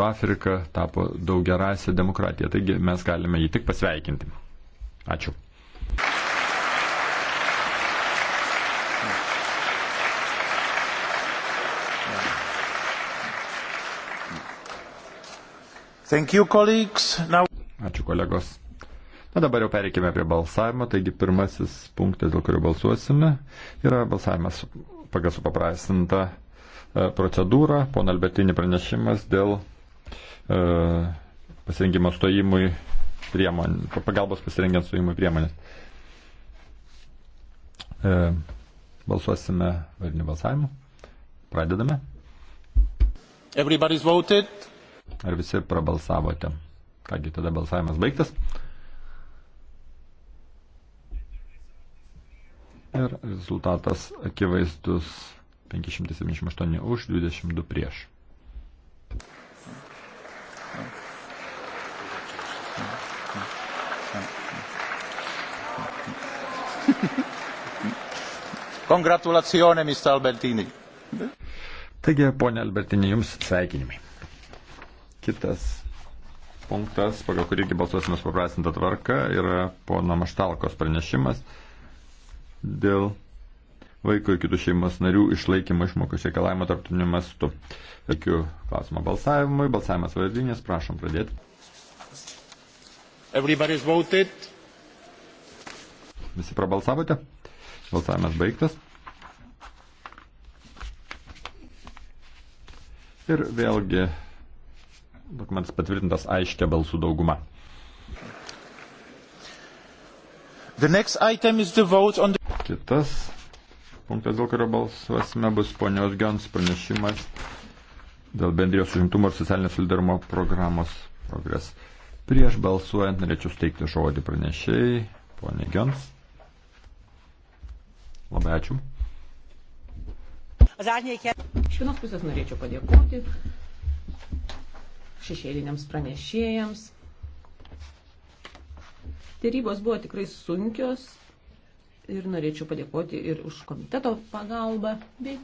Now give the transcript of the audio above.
Afrika tapo daugiarasė demokratija, taigi mes galime jį tik pasveikinti. Ačiū. Thank you, colleagues. Now... Ačiū kolegos. Na dabar jau pereikime prie balsavimo, taigi pirmasis punktas, dėl kurio balsuosime, yra balsavimas pagal supaprastintą e, procedūrą, pon Albertinį pranešimas dėl E, pasirengimo stojimui priemonė, pagalbos pasirengiant stojimui priemonės. E, balsuosime variniu balsavimu. Pradedame. Everybody's voted. Ar visi prabalsavote? Kągi tada balsavimas baigtas. Ir rezultatas akivaizdus 578 už 22 prieš. Congratulazione, Mr. Albertini. Taigi, ponė Albertinė, jums sveikinimai. Kitas punktas, pagal kurį balsuosime paprastinta tvarka, yra pono Maštalkos pranešimas dėl vaiko ir kitų šeimos narių išlaikymo išmokos reikalavimo tarptautiniu mastu. Tikiu klausimą balsavimui. Balsavimas vardinės, prašom pradėti. Visi prabalsavote? Balsavimas baigtas. Ir vėlgi dokumentas patvirtintas aiškia balsų dauguma. The... Kitas punktas, dėl kurio balsuosime, bus ponios Gions pranešimas dėl bendrijos užimtumo ir socialinio solidarumo programos progres. Prieš balsuojant norėčiau steikti žodį pranešėjai, ponė Gions. Labai ačiū. Iš vienos pusės norėčiau padėkoti šešėliniams pranešėjams. Tarybos buvo tikrai sunkios ir norėčiau padėkoti ir už komiteto pagalbą bei